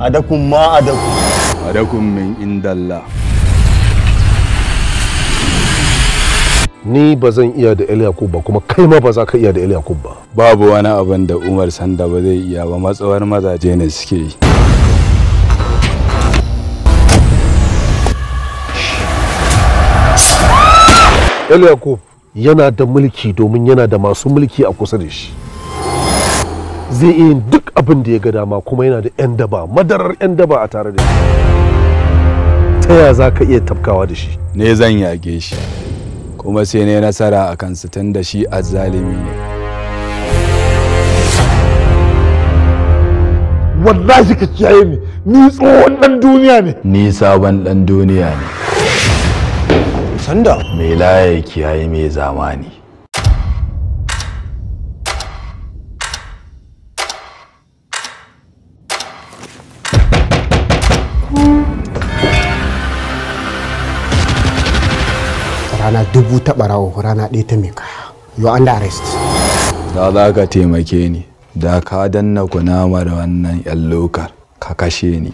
adakum ma adakum adakum min indallah ni ba zan iya da El Yakub ba kuma kai ma ba za ka iya da El Yakub ba. Babu wani abin da Umar Sanda ba zai iya ba matsawar mazaje ne suke yi. El Yakub yana da mulki domin yana da masu mulki a kusa da shi. zai iya yin duk abin da ya ga dama kuma yana da 'yan daba madarar 'yan daba a tare da shi ta ya za ka iya tafkawa da shi ne zan yage shi kuma sai ne nasara a kansa tun da shi a zalimi ne wallahi ka kiyaye ni ni tsohon dan duniya ne ni sabon dan duniya ne sanda me laye kiyaye me zamani rana dubu ta barawo rana ɗaya ta meka you are arrest da za ka taimake ni da ka danna kunamar wannan yan lokar ka kashe ni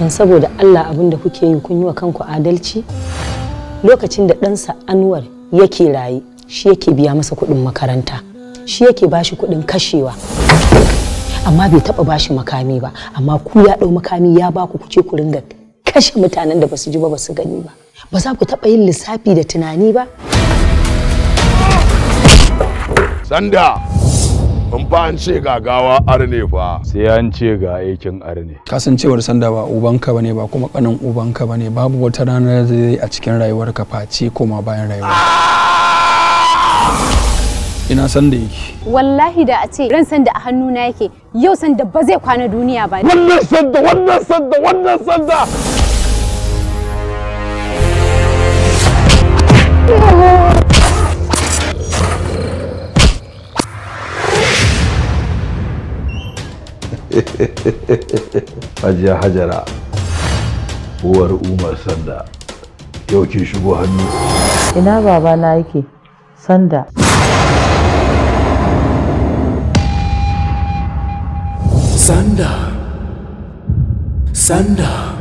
yan saboda Allah abin da kuke yi kun yi wa kanku adalci lokacin da ɗansa Anwar yake raye shi yake biya masa kuɗin makaranta shi yake bashi kuɗin kashewa amma bai taɓa bashi makami ba amma ku ya ɗau makami ya ba ku kuce ku ringa kashe mutanen da basu ji ba basu gani ba ba za ku taɓa yin lissafi da tunani ba sanda ban fa an ce ga gawa arne fa sai an ce ga aikin arne kasancewar sanda ba ubanka bane ba kuma kanin ubanka bane babu wata ranar da zai a cikin rayuwarka face koma bayan rayuwa ah! ina san da yake wallahi da a ce ran san da a hannuna yake yau san da ba zai kwana duniya ba wannan san da wannan san da wannan san da Hajiya Hajara, uwar Umar Sanda, yau ke shigo hannu. Ina baba na yake. sanda sanda sanda